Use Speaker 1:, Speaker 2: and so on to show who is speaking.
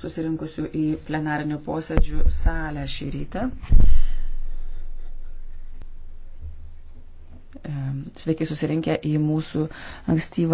Speaker 1: susirinkusių į plenarinių posėdžių salę šį rytą.
Speaker 2: Ehm, sveiki susirinkę į mūsų
Speaker 3: ankstyvą.